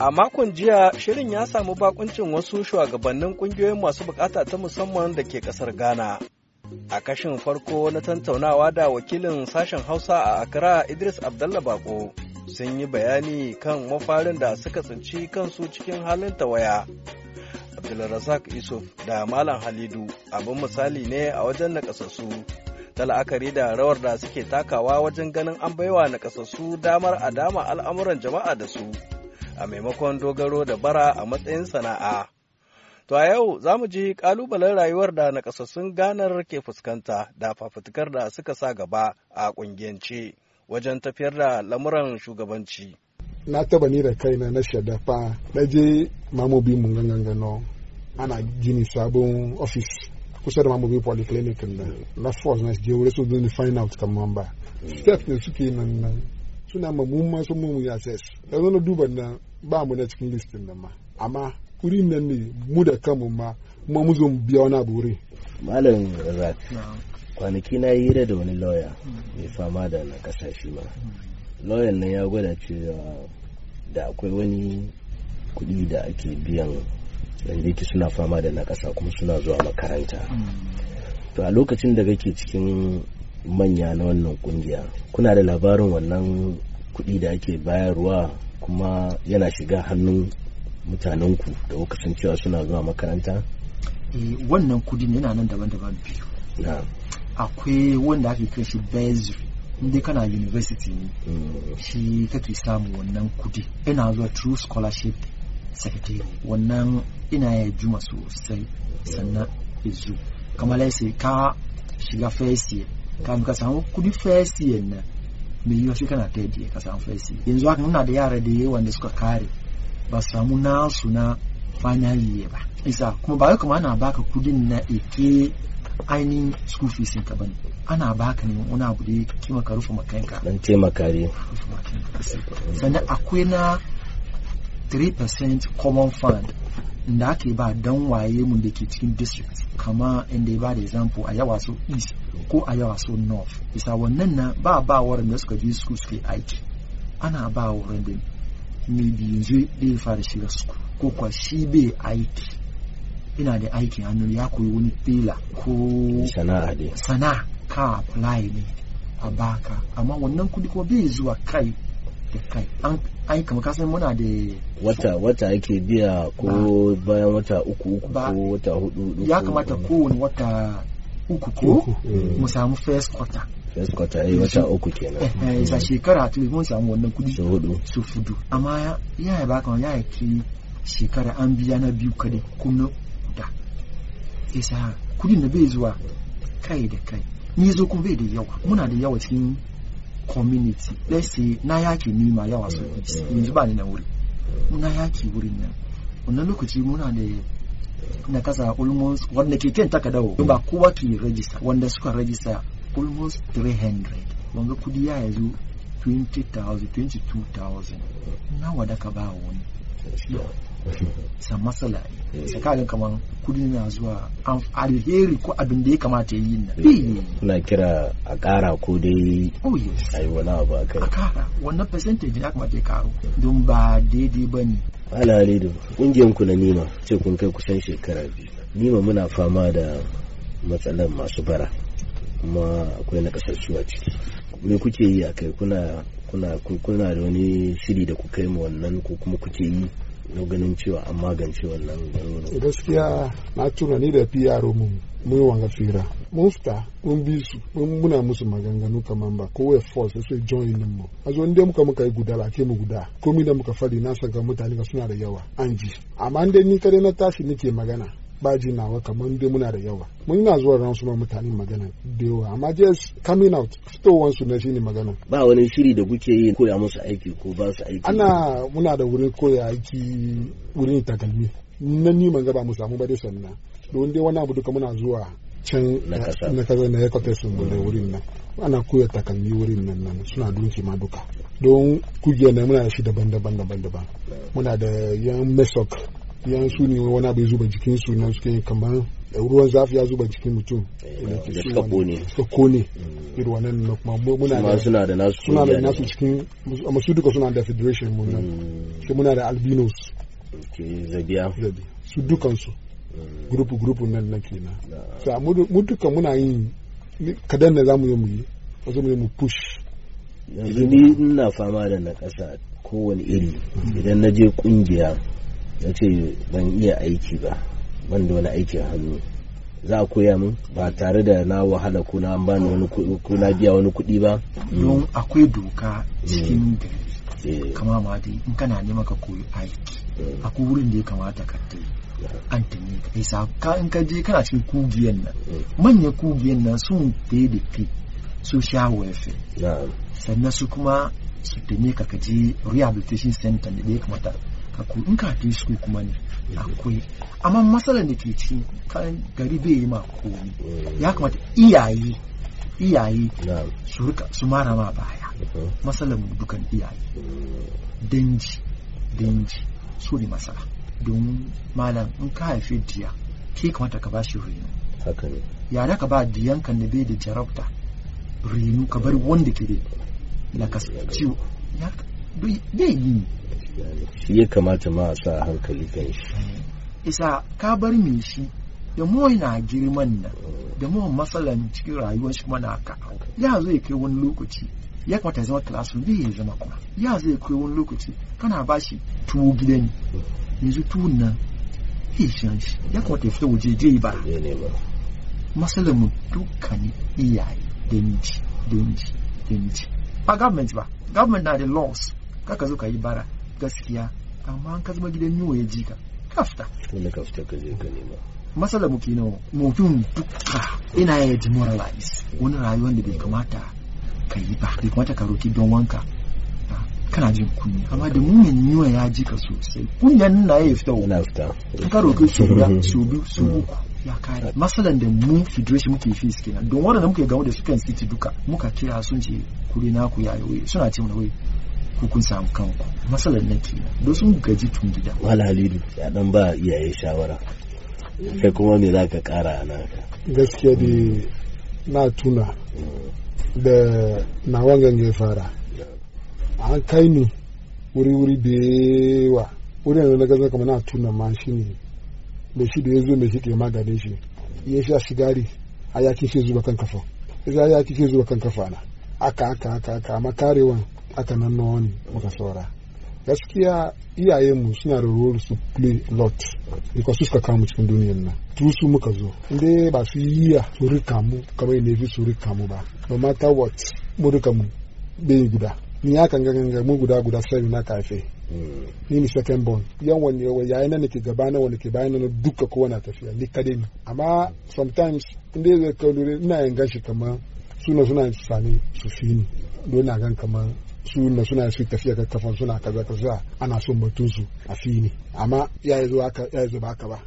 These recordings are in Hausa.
A makon jiya shirin ya samu bakuncin wasu shugabannin kungiyoyin masu bukata ta musamman da ke kasar Ghana. A kashin farko na tantaunawa da wakilin sashen Hausa a Accra Idris Abdallah Bako sun yi bayani kan mafarin da suka tsinci kansu cikin halin tawaya. Abdulrazak Yusuf da Malam Halidu abin misali ne a wajen nakasassu. ta la'akari da rawar da suke takawa wajen ganin an baiwa nakasassu damar a dama al'amuran jama'a da su. a maimakon dogaro da bara a matsayin sana'a. To a yau za mu ji ƙalubalen rayuwar da nakasassun ganar ke fuskanta da fafutukar da suka sa gaba a ƙungiyance wajen tafiyar da lamuran shugabanci. Na taba ni da kaina na shadafa na je mamobi mun gangan ana gini sabon ofis kusa da mamobi polyclinic na na force na je wuri su ni find out kan ba. Mm. Step ne suke nan suna ma mun ma mun ya ses da na duban nan ba mu na cikin listin nan ma amma kuri nan ne mu da kanmu ma kuma mu zo mu biya wani abu wurin malam razak kwanaki na yi hira da wani lauya mai fama da na kasashe ma hmm. lauyan nan ya gwada cewa da akwai wani kuɗi da ake biyan yake suna fama da na kasa kuma suna zuwa makaranta hmm. to a lokacin da kake cikin manya na wannan kungiya kuna da labarin wannan kuɗi da ake bayarwa kuma yana shiga hannun mutanenku da kuka san cewa suna zuwa makaranta eh, wannan ne yana nan daban-daban biyu akwai wanda ake kai shi bezri inda kana university ne mm. shi kake samu wannan kudi yana zuwa true scholarship secretary wannan ina ya juma sosai sannan izu kamar ka shiga first year kafin ka samu kudi first year nan mai yiwa kana third year ka san first year yanzu haka muna da yara da yawa da suka kare ba su samu nasu na final year ba isa kuma ba kuma ana baka kudin na eke ainihin school fees ka bane ana baka ne wani abu da ya kima rufe makanka dan taimaka ne sannan akwai na 3% common fund da ake ba dan waye mun da ke cikin district kama inda ya ba da example a yawa so east ko a yawa so north bisa wannan na ba ba waɗanda suka je su suke aiki ana ba waɗanda ne biyu zai fara shiga su ko kwa shi bai aiki ina da aikin hannu ya koyi wani tela ko sana'a ne sana'a ka apply ne a baka amma wannan kudi kuma bai zuwa kai da kai an ai kamar kasan muna da wata wata ake biya ko bayan wata uku uku ko wata hudu ya kamata kowane wata uku ko mu eh. samu first quarter first quarter ai eh, wata uku kenan eh sa eh, shekara to mun samu wannan kudi su hudu su hudu amma ya ya baka ya ya ki shekara an biya na biyu kade kuma da isa kudin na bai zuwa kai da kai ni zo kuma bai da yawa muna da yawa cikin community let's say na yaki nima yawa so yanzu ba ni na wuri muna yaki wurin nan wannan lokaci muna da na kasa almost wanda ke kenta ka dawo ba kowa ke rajista wanda suka rajista almost 300 wanga kudi ya yazo 20,000 22,000 nawa da ka ba wani sa matsala ne sa kagan kamar kudi na zuwa alheri ko abin da ya kamata yi na na kira a kara ko dai oh, a yi wani abu a kai a kara wannan percentage ya kamata ya karo don ba daidai ba ne alhalidu kungiyan ku na nima ce kun kai kusan shekara biyu nima muna fama da matsalar masu bara kuma akwai na kasar suwa ciki me kuke yi a kai kuna kuna kuna da wani shiri da ku kai mu wannan ko kuma kuke yi na ganin cewa an magance wannan garuruwa gaskiya na tuna ni da piyaro mu mun wanga fira mun mun bi su mun muna musu maganganu kaman ba kowa force sai join din mu a zo inda muka muka yi guda ba ke mu guda komi da muka fari na saka mutane ga suna da yawa an ji amma inda ni kare na tashi nake magana baji nawa kamar dai muna da yawa mun na zuwa ran su ma mutane magana da yawa amma just coming out fitowar su na shine magana ba wani shiri da kuke yi koya musu aiki ko ba su aiki ana muna da wurin koya aiki wurin takalmi nan ni man gaba mu samu ba dai sannan don dai wani abu duka muna zuwa can na kaza na yakwata sun da wurin nan ana koya takalmi wurin nan nan suna dunki ma duka don kugiyar na muna da shi daban daban daban daban muna da yan mesok yan su ne wani abu ya zuba jikin su nan suke yin kamar ruwan zafi ya zuba jikin mutum eh, da suka kone suka kone mm. irin wannan na kuma muna da suna da nasu suna da nasu cikin amma su duka suna da federation mun nan mm. sai muna da albinos ke zabiya su dukan su grupu mm. grupu nan na kenan sa mu duka muna yin kadan na zamu yi mu yi mu yi mu push yanzu ni ina fama da na ƙasa kowane iri idan na je kungiya ya ce ban iya aiki ba ban da wani aikin hannu za a koya min ba tare da na wahala ko na bani wani ko na biya wani kuɗi ba don akwai doka cikin mm. gari eh. kama ma dai in kana neman ka koyi aiki mm. akwai wurin da ya kamata ka tai an tanye ka isa ka in ka je kana cikin kugiyan nan mm. manyan kugiyan nan sun da da fi su sha wefe sannan su kuma su tanye ka ka je rehabilitation center da ya kamata ka in ka haife shi kuma ne akwai amma matsalar da ke ci kan gari bai yi ma komi mm. ya kamata iyaye iyaye su mara ma baya mm-hmm. matsalar mu dukan iyaye mm. danji danji su ne matsala. don malam in ka haife diya ke kamata ka ba shi ya ka ba diyankan da bai da jarabta reno ka bar wanda ke da mm. ciwo bai yi shi ya kamata ma a sa hankali kan shi isa ka bar mi shi da mu na girman nan da mu matsalan cikin rayuwar shi mana ka ya zai kai wani lokaci ya kamata zama classroom bai ya zama kuma ya zai kai wani lokaci kana ba shi tuwo ne yanzu tuwon nan ya shi ya kamata ya fita waje je ba matsalan mu dukkanin iyaye da miji da miji da ba government ba government na da laws kaka zo ka yi bara gaskiya amma an ka zama gidan yiwo ya ji ka kafta wani kafta ka zai ka nema masala muke nawa mutum duka ina ya ji moralize wani rayuwar da bai kamata ka yi ba bai kamata ka roki don wanka kana jin kunya amma da mumin yiwa ya ji ka sosai kunyan na ya fita wa nafta ka roki su guda su biyu su mm. uku ya kare masalan da mu federation muke fi na don waɗanda muke gamu da su kan city duka muka kira sun ce kuri naku ya yi suna ce mana wai ku kun samu kanku matsalar na ke don sun gaji tun gida wala halidu ya dan ba iyaye shawara kai kuma me za ka kara a naka gaskiya da na tuna da na wangan ya fara an kai ni wuri-wuri da yawa wurin da na gaza kamar na tuna ma shi ne da shi da ya zo mai shi ke maganin shi ya sha sigari a yakin shi zuba kan kafa ya yakin shi zuba kan kafa na aka aka aka aka amma karewan A nan nawa ne muka saura gaskiya iyayenmu suna da role su play lot ikon su suka kamu cikin duniyar nan tu su muka zo inda ba su yi ya su rika mu kamar yadda fi su rika ba no matter what mu rika mu bai guda ni ya kan ganga mu guda guda sai na kafe ni ni second born yan wani yawa yayi na nake gaba na wani ke bayan na duka kowa na tafiya ni kadai amma sometimes inda zai kawo ina yin gashi kamar su na suna sami su fi ni don na gan kamar su na suna su tafiya ga kafan suna kaza kaza ana son batun su a fi ni amma ya yi haka ya ba ba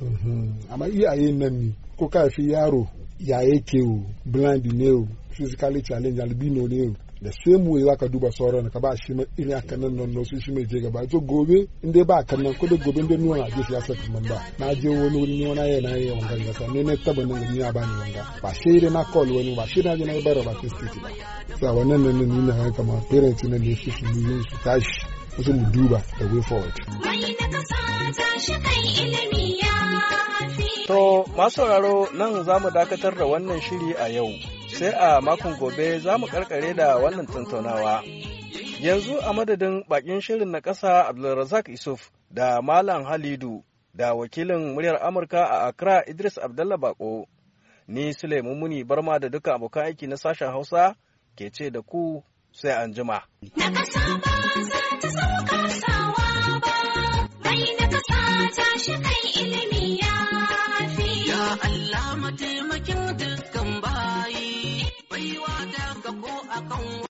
mhm. amma iyaye nan ne ko ka fi yaro ya yake o blind ne o physically challenge albino ne o da sai mu za ka duba sauran ka ba shi mai irin aka nan nan su shi mai je gaba to gobe in dai ba kan nan ko da gobe dai nuna ya siyasa kaman ba na je wani wani ne wani yana yi wanga ga sa ne ne taba nan ni ba ni wanga ba shi dai na call wani ba shi na je na bara ba state ba sa wannan nan ni na haka ma parents ne ne su shi ne su tashi su mu duba da way forward To, masu sauraro nan za mu dakatar da wannan shiri a yau. sai a makon gobe za mu karkare da wannan tattaunawa. Yanzu a madadin bakin shirin na ƙasa Abdulrazak Isuf da Malam Halidu da wakilin muryar Amurka a Accra Idris Abdallah Bako. Ni Suleiman Muni Barma da duka abokan aiki na sashen Hausa ke ce da ku sai an jima. Allah